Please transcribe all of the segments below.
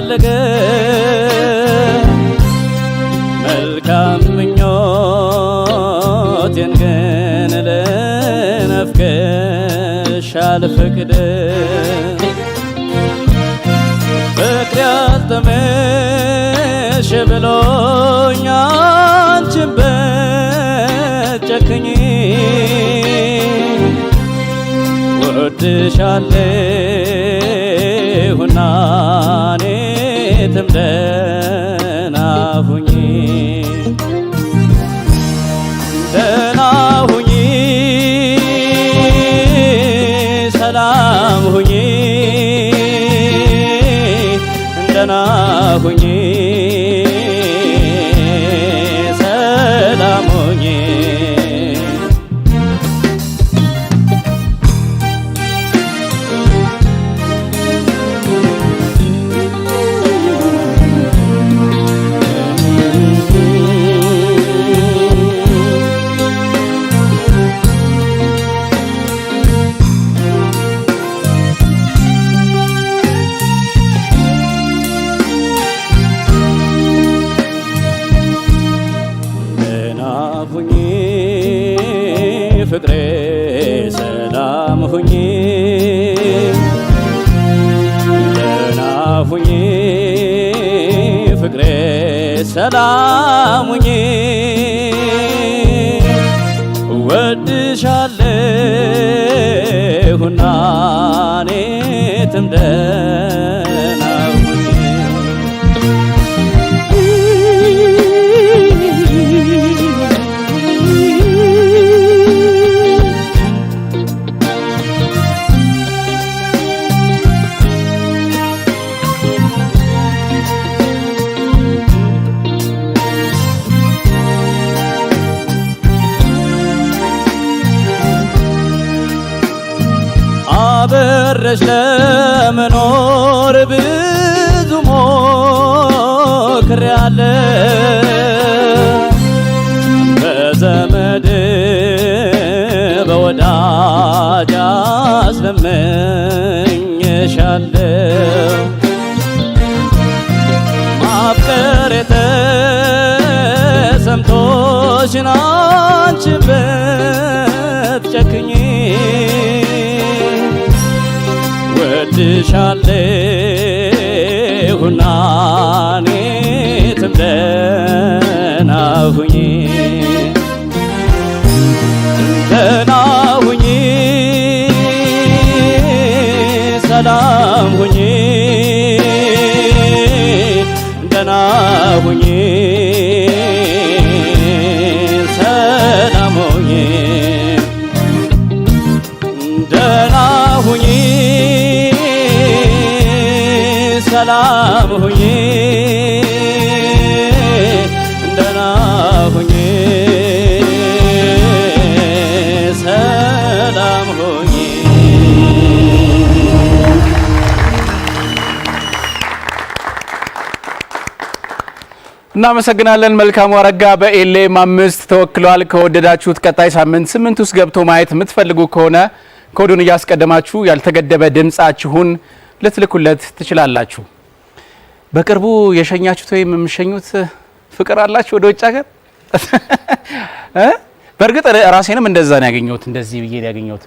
ፈለገ መልካም ምኞቴን ግን ልነፍቅሽ አልፈቅድም ፍቅር ያልተመሽ ብሎኝ አንቺን በጨክኝ ወድሻለሁና ደና ሁኚ ደህና ሁኚ ሰላም ሁኚ ደህና ሁኚ ናፉኝ ናፉኝ ፍቅሬ ሰላሙኝ ወድሻለሁና እኔ ትምደ አብረሽ ለመኖር ብዙ አለ በዘመድ በወዳጅ አስለምኜሻለሁ ማፍቀር የተሰምቶሽ ነው ወድሻለሁ ና እኔ ትምደናሁኝ ደህና ሁኜ ደህና ሁኜ ሰላም ሁኜ እናመሰግናለን። መልካሙ አረጋ በኤልኤም አምስት ተወክሏል። ከወደዳችሁት ቀጣይ ሳምንት ስምንት ውስጥ ገብቶ ማየት የምትፈልጉ ከሆነ ኮዱን እያስቀደማችሁ ያልተገደበ ድምፃችሁን ልትልኩለት ትችላላችሁ። በቅርቡ የሸኛችሁት ወይም የምሸኙት ፍቅር አላችሁ ወደ ውጭ ሀገር? በእርግጥ ራሴንም እንደዛ ነው ያገኘሁት፣ እንደዚህ ብዬ ያገኘሁት።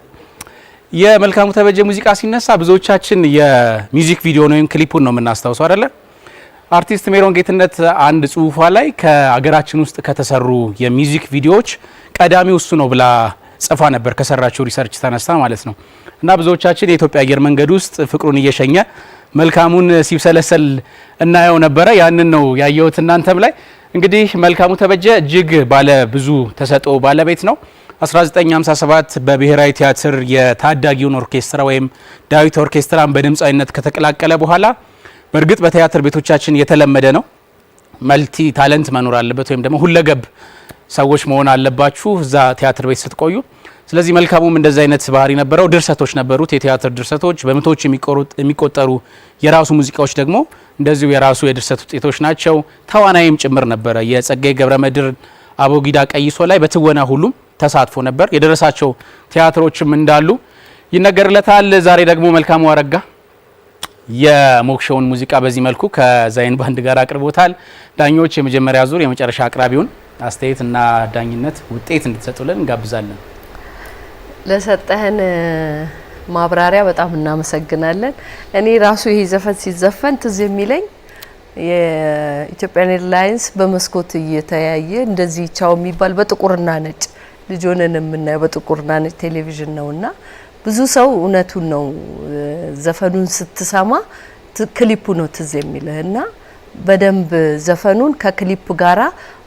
የመልካሙ ተበጀ ሙዚቃ ሲነሳ ብዙዎቻችን የሚዚክ ቪዲዮን ወይም ክሊፑን ነው የምናስታውሰው አይደለ? አርቲስት ሜሮን ጌትነት አንድ ጽሁፏ ላይ ከአገራችን ውስጥ ከተሰሩ የሚዚክ ቪዲዮዎች ቀዳሚው እሱ ነው ብላ ጽፋ ነበር፣ ከሰራችው ሪሰርች ተነሳ ማለት ነው። እና ብዙዎቻችን የኢትዮጵያ አየር መንገድ ውስጥ ፍቅሩን እየሸኘ መልካሙን ሲብሰለሰል እናየው ነበረ። ያንን ነው ያየሁት እናንተም ላይ። እንግዲህ መልካሙ ተበጀ እጅግ ባለ ብዙ ተሰጥኦ ባለቤት ነው። 1957 በብሔራዊ ቲያትር የታዳጊውን ኦርኬስትራ ወይም ዳዊት ኦርኬስትራን በድምፃዊነት ከተቀላቀለ በኋላ በእርግጥ በቲያትር ቤቶቻችን የተለመደ ነው። መልቲ ታለንት መኖር አለበት ወይም ደግሞ ሁለገብ ሰዎች መሆን አለባችሁ እዛ ቲያትር ቤት ስትቆዩ ስለዚህ መልካሙም እንደዚህ አይነት ባህሪ ነበረው። ድርሰቶች ነበሩት፣ የቲያትር ድርሰቶች በመቶዎች የሚቆጠሩ የራሱ ሙዚቃዎች ደግሞ እንደዚሁ የራሱ የድርሰት ውጤቶች ናቸው። ተዋናይም ጭምር ነበረ። የጸጋዬ ገብረመድር አቦጊዳ ቀይሶ ላይ በትወና ሁሉም ተሳትፎ ነበር። የደረሳቸው ቲያትሮችም እንዳሉ ይነገርለታል። ዛሬ ደግሞ መልካሙ አረጋ የሞክሾውን ሙዚቃ በዚህ መልኩ ከዛይን ባንድ ጋር አቅርቦታል። ዳኞች የመጀመሪያ ዙር የመጨረሻ አቅራቢውን አስተያየት እና ዳኝነት ውጤት እንድትሰጡልን እንጋብዛለን። ለሰጠህን ማብራሪያ በጣም እናመሰግናለን። እኔ ራሱ ይሄ ዘፈን ሲዘፈን ትዝ የሚለኝ የኢትዮጵያን ኤርላይንስ በመስኮት እየተያየ እንደዚህ ቻው የሚባል በጥቁርና ነጭ ልጆንን የምናየው በጥቁርና ነጭ ቴሌቪዥን ነውና ብዙ ሰው እውነቱን ነው ዘፈኑን ስትሰማ ክሊፑ ነው ትዝ እና በደንብ ዘፈኑን ከክሊፕ ጋራ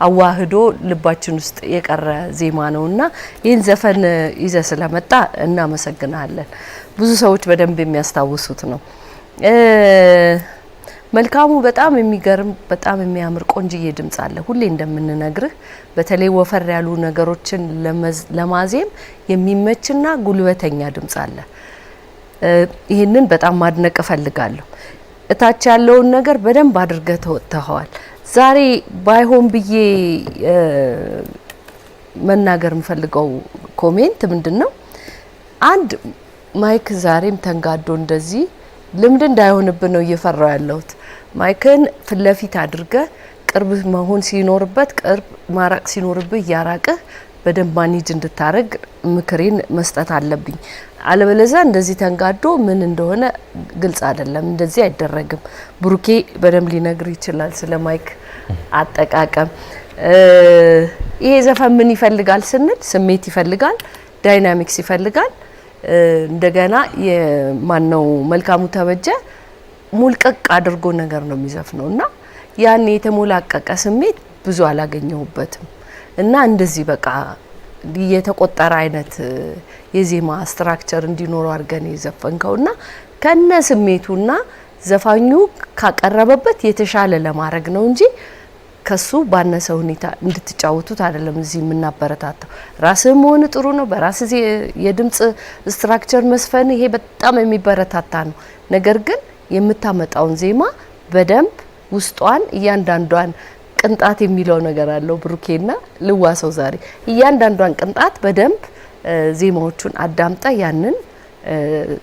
አዋህዶ ልባችን ውስጥ የቀረ ዜማ ነው እና ይህን ዘፈን ይዘ ስለመጣ እናመሰግናለን። ብዙ ሰዎች በደንብ የሚያስታውሱት ነው። መልካሙ በጣም የሚገርም በጣም የሚያምር ቆንጅዬ ድምጽ አለ። ሁሌ እንደምንነግርህ በተለይ ወፈር ያሉ ነገሮችን ለማዜም የሚመችና ጉልበተኛ ድምጽ አለ። ይህንን በጣም ማድነቅ እፈልጋለሁ። እታች ያለውን ነገር በደንብ አድርገህ ተወጥተኸዋል። ዛሬ ባይሆን ብዬ መናገር የምፈልገው ኮሜንት ምንድን ነው? አንድ ማይክ ዛሬም ተንጋዶ እንደዚህ ልምድ እንዳይሆንብን ነው እየፈራው ያለሁት። ማይክን ፊት ለፊት አድርገህ ቅርብ መሆን ሲኖርበት ቅርብ ማራቅ ሲኖርብህ እያራቅህ በደንብ ማኔጅ እንድታደረግ ምክሬን መስጠት አለብኝ። አለበለዛ እንደዚህ ተንጋዶ ምን እንደሆነ ግልጽ አይደለም። እንደዚህ አይደረግም። ብሩኬ በደንብ ሊነግር ይችላል ስለ ማይክ አጠቃቀም። ይሄ ዘፈን ምን ይፈልጋል ስንል ስሜት ይፈልጋል፣ ዳይናሚክስ ይፈልጋል። እንደገና የማነው መልካሙ ተበጀ ሙልቀቅ አድርጎ ነገር ነው የሚዘፍነው እና ያን የተሞላቀቀ ስሜት ብዙ አላገኘሁበትም። እና እንደዚህ በቃ የተቆጠረ አይነት የዜማ ስትራክቸር እንዲኖረው አድርገን የዘፈንከው እና ከነ ስሜቱና ዘፋኙ ካቀረበበት የተሻለ ለማድረግ ነው እንጂ ከሱ ባነሰ ሁኔታ እንድትጫወቱት አይደለም። እዚህ የምናበረታታው ራስህ መሆን ጥሩ ነው። በራስ የድምፅ ስትራክቸር መስፈን ይሄ በጣም የሚበረታታ ነው። ነገር ግን የምታመጣውን ዜማ በደንብ ውስጧን እያንዳንዷን ቅንጣት የሚለው ነገር አለው ብሩኬና ልዋሰው ዛሬ እያንዳንዷን ቅንጣት በደንብ ዜማዎቹን አዳምጠ ያንን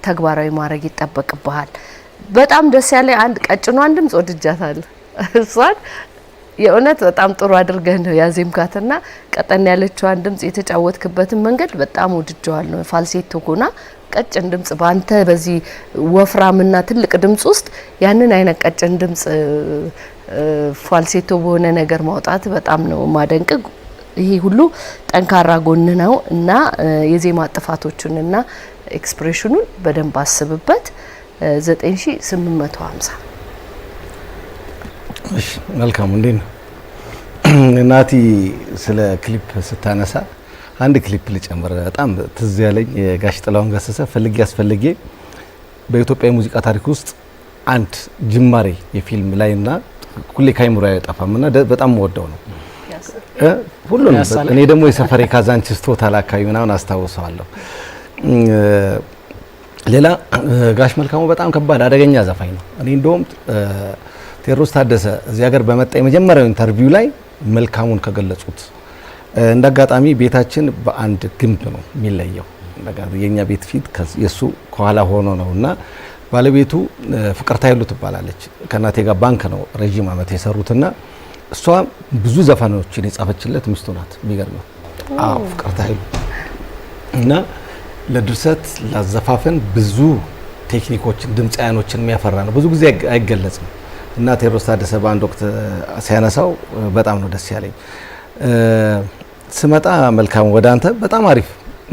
ተግባራዊ ማድረግ ይጠበቅብሃል። በጣም ደስ ያለ አንድ ቀጭኗን ድምጽ ወድጃታለሁ። እሷን የእውነት በጣም ጥሩ አድርገህ ነው ያዜምካትና ቀጠን ያለችዋን ድምጽ የተጫወትክበትን መንገድ በጣም ነው ፋልሴቶ ሆና ቀጭን ድምጽ በአንተ በዚህ ወፍራምና ትልቅ ድምጽ ውስጥ ያንን አይነት ቀጭን ድምጽ ፋልሴቶ በሆነ ነገር ማውጣት በጣም ነው ማደንቅ። ይሄ ሁሉ ጠንካራ ጎን ነው እና የዜማ ጥፋቶቹንና ኤክስፕሬሽኑን በደንብ አስብበት። 9850 እሺ፣ መልካም እንዴ ነው ናቲ? ስለ ክሊፕ ስታነሳ አንድ ክሊፕ ልጨምር። በጣም ትዝ ያለኝ የጋሽ ጥላሁን ገሰሰ ፈልጌ ያስፈልጌ በኢትዮጵያ የሙዚቃ ታሪክ ውስጥ አንድ ጅማሬ የፊልም ላይና ሁሌ ካይሙራ አይጠፋም እና በጣም ወደው ነው ሁሉን። እኔ ደግሞ የሰፈሬ ካዛንቺስ ቶታል አካባቢ ምናምን አስታውሰዋለሁ። ሌላ ጋሽ መልካሙ በጣም ከባድ አደገኛ ዘፋኝ ነው። እኔ እንደውም ቴዎድሮስ ታደሰ እዚህ ሀገር በመጣ የመጀመሪያው ኢንተርቪው ላይ መልካሙን ከገለጹት እንደ አጋጣሚ ቤታችን በአንድ ግንብ ነው የሚለየው። የእኛ ቤት ፊት የእሱ ከኋላ ሆኖ ነው እና ባለቤቱ ፍቅርታ ይሉ ትባላለች። ከእናቴ ጋር ባንክ ነው ረዥም ዓመት የሰሩትና እሷ ብዙ ዘፈኖችን የጻፈችለት ሚስቱ ናት። የሚገርመው አዎ ፍቅርታ ይሉ እና ለድርሰት ላዘፋፈን ብዙ ቴክኒኮችን ድምፃያኖችን የሚያፈራ ነው። ብዙ ጊዜ አይገለጽም እና ቴዎድሮስ ታደሰ በአንድ ወቅት ሲያነሳው በጣም ነው ደስ ያለኝ። ስመጣ መልካም ወደ አንተ በጣም አሪፍ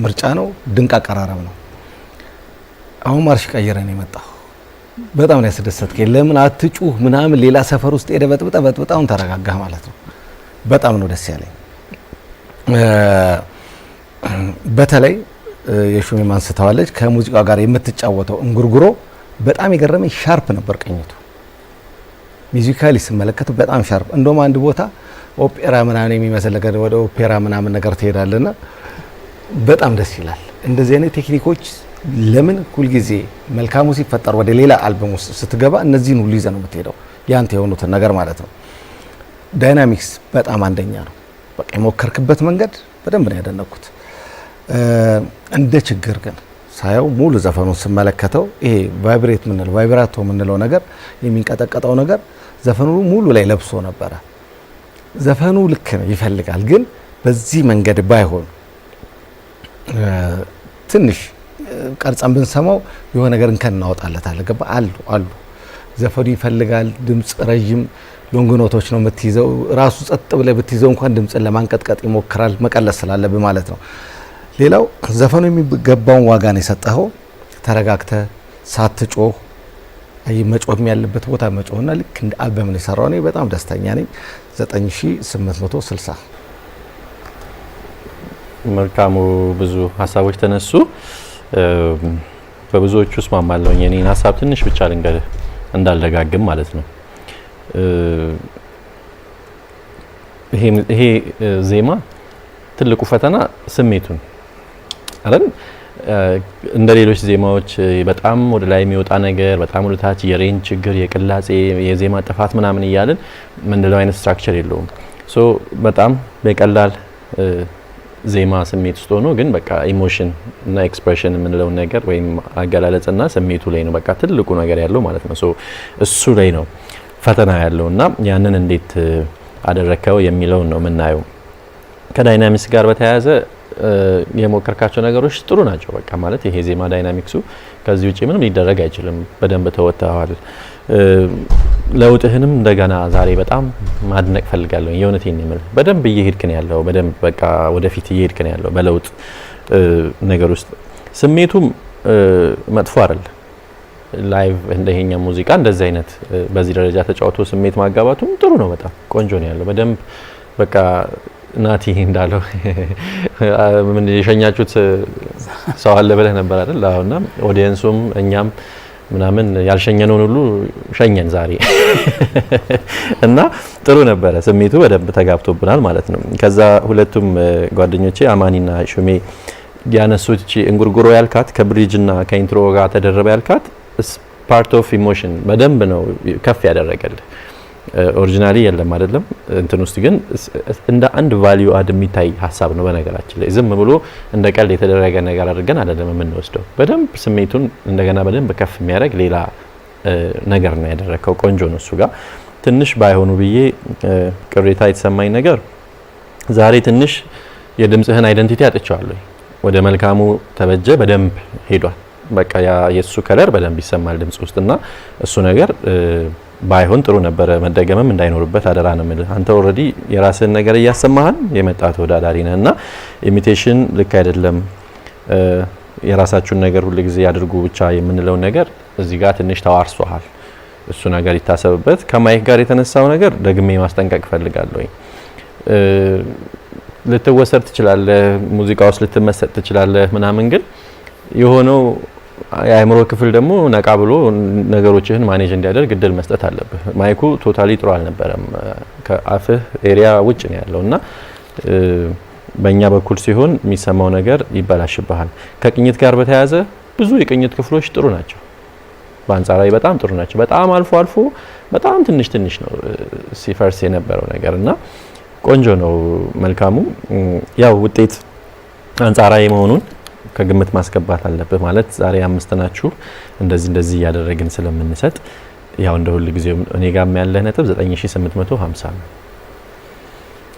ምርጫ ነው። ድንቅ አቀራረብ ነው። አሁን ማርሽ ቀይረ ነው የመጣሁ። በጣም ነው ያስደሰትከኝ። ለምን አትጩህ ምናምን ሌላ ሰፈር ውስጥ ሄደ በጥብጠ በጥብጠ አሁን ተረጋጋህ ማለት ነው። በጣም ነው ደስ ያለኝ። በተለይ የሹሜም አንስተዋለች ከሙዚቃ ጋር የምትጫወተው እንጉርጉሮ በጣም የገረመኝ ሻርፕ ነበር ቅኝቱ። ሙዚካሊ ስመለከቱ በጣም ሻርፕ እንደውም አንድ ቦታ ኦፔራ ምናምን የሚመስል ነገር ወደ ኦፔራ ምናምን ነገር ትሄዳለና በጣም ደስ ይላል። እንደዚህ አይነት ቴክኒኮች ለምን ሁልጊዜ መልካሙ ሲፈጠር ወደ ሌላ አልበም ውስጥ ስትገባ እነዚህን ሁሉ ይዘህ ነው የምትሄደው፣ ያንተ የሆኑትን ነገር ማለት ነው። ዳይናሚክስ በጣም አንደኛ ነው። በቃ የሞከርክበት መንገድ በደንብ ነው ያደነኩት። እንደ ችግር ግን ሳየው ሙሉ ዘፈኑን ስመለከተው ይሄ ቫይብሬት ምንለው ቫይብራቶ ምንለው ነገር የሚንቀጠቀጠው ነገር ዘፈኑ ሙሉ ላይ ለብሶ ነበረ። ዘፈኑ ልክ ነው ይፈልጋል፣ ግን በዚህ መንገድ ባይሆን ትንሽ ቀርጸን ብንሰማው የሆነ ነገር እንከን እናወጣለታለን። ገባ አሉ አሉ ዘፈኑ ይፈልጋል ድምፅ ረዥም ሎንግ ኖቶች ነው የምትይዘው። ራሱ ጸጥ ብለ ብትይዘው እንኳን ድምፅን ለማንቀጥቀጥ ይሞክራል፣ መቀለስ ስላለብ ማለት ነው። ሌላው ዘፈኑ የሚገባውን ዋጋ ነው የሰጠኸው። ተረጋግተ ሳትጮህ አይ መጮህ ያለበት ቦታ መጮህና ልክ እንደ አልበም ነው የሰራው። እኔ በጣም ደስተኛ ነኝ። 9860 መልካሙ ብዙ ሀሳቦች ተነሱ። በብዙዎቹ እስማማለሁ። የኔን ሀሳብ ትንሽ ብቻ ልንገር እንዳልደጋግም ማለት ነው። ይሄ ዜማ ትልቁ ፈተና ስሜቱን አይደል? እንደ ሌሎች ዜማዎች በጣም ወደ ላይ የሚወጣ ነገር፣ በጣም ወደ ታች የሬንጅ ችግር፣ የቅላጼ የዜማ ጥፋት ምናምን እያልን ምንለው አይነት ስትራክቸር የለውም። ሶ በጣም በቀላል ዜማ ስሜት ውስጥ ሆኖ ግን በቃ ኢሞሽን እና ኤክስፕሬሽን የምንለውን ነገር ወይም አገላለጽና ስሜቱ ላይ ነው በቃ ትልቁ ነገር ያለው ማለት ነው። እሱ ላይ ነው ፈተና ያለው እና ያንን እንዴት አደረከው የሚለውን ነው የምናየው። ከዳይናሚክስ ጋር በተያያዘ የሞከርካቸው ነገሮች ጥሩ ናቸው። በቃ ማለት ይሄ ዜማ ዳይናሚክሱ ከዚህ ውጭ ምንም ሊደረግ አይችልም። በደንብ ተወጥተዋል። ለውጥህንም እንደገና ዛሬ በጣም ማድነቅ ፈልጋለሁ። የእውነቴን ነው የምልህ። በደንብ እየሄድክ ነው ያለው። በደንብ በቃ ወደፊት እየሄድክ ነው ያለው በለውጥ ነገር ውስጥ ስሜቱም መጥፎ አይደል። ላይቭ እንደ ሙዚቃ እንደዚህ አይነት በዚህ ደረጃ ተጫውቶ ስሜት ማጋባቱም ጥሩ ነው። በጣም ቆንጆ ነው ያለው። በደንብ በቃ ናቲ እንዳለው ምን የሸኛችሁት ሰው አለ ብለህ ነበር አይደል? አሁና ኦዲየንሱም እኛም ምናምን ያልሸኘነውን ሁሉ ሸኘን ዛሬ እና ጥሩ ነበረ። ስሜቱ በደንብ ተጋብቶብናል ማለት ነው። ከዛ ሁለቱም ጓደኞቼ አማኒና ሹሜ ያነሱት እቺ እንጉርጉሮ ያልካት ከብሪጅና ከኢንትሮ ጋር ተደረበ ያልካት ፓርት ኦፍ ኢሞሽን በደንብ ነው ከፍ ያደረገልህ ኦሪጂናሊ የለም አይደለም። እንትን ውስጥ ግን እንደ አንድ ቫሊዩ አድ የሚታይ ሀሳብ ነው። በነገራችን ላይ ዝም ብሎ እንደ ቀልድ የተደረገ ነገር አድርገን አይደለም የምንወስደው። በደንብ ስሜቱን እንደገና በደንብ ከፍ የሚያደርግ ሌላ ነገር ነው ያደረግከው። ቆንጆ ነው። እሱ ጋር ትንሽ ባይሆኑ ብዬ ቅሬታ የተሰማኝ ነገር ዛሬ ትንሽ የድምፅህን አይደንቲቲ አጥቼዋለሁ። ወደ መልካሙ ተበጀ በደንብ ሄዷል። በቃ የእሱ ከለር በደንብ ይሰማል ድምፅ ውስጥ እና እሱ ነገር ባይሆን ጥሩ ነበረ። መደገመም እንዳይኖርበት አደራ ነው የምልህ። አንተ ኦልሬዲ የራስህን ነገር እያሰማህን የመጣ ተወዳዳሪ ነህ እና ኢሚቴሽን ልክ አይደለም። የራሳችሁን ነገር ጊዜ ያድርጉ ብቻ የምንለው ነገር እዚህ ጋር ትንሽ ተዋርሶሃል። እሱ ነገር ይታሰብበት። ከማይክ ጋር የተነሳው ነገር ደግሜ ማስጠንቀቅ እፈልጋለሁ። ልትወሰድ ትችላለህ፣ ሙዚቃ ውስጥ ልትመሰጥ ትችላለህ ምናምን ግን የሆነው የአእምሮ ክፍል ደግሞ ነቃ ብሎ ነገሮችህን ማኔጅ እንዲያደርግ እድል መስጠት አለብህ። ማይኩ ቶታሊ ጥሩ አልነበረም። ከአፍህ ኤሪያ ውጭ ነው ያለው እና በእኛ በኩል ሲሆን የሚሰማው ነገር ይበላሽብሃል። ከቅኝት ጋር በተያያዘ ብዙ የቅኝት ክፍሎች ጥሩ ናቸው፣ በአንጻራዊ በጣም ጥሩ ናቸው። በጣም አልፎ አልፎ በጣም ትንሽ ትንሽ ነው ሲፈርስ የነበረው ነገር እና ቆንጆ ነው መልካሙ ያው ውጤት አንጻራዊ መሆኑን ከግምት ማስገባት አለብህ። ማለት ዛሬ አምስት ናችሁ እንደዚህ እንደዚህ እያደረግን ስለምንሰጥ ያው እንደ ሁልጊዜው እኔ ጋም ያለህ ነጥብ 9850 ነው።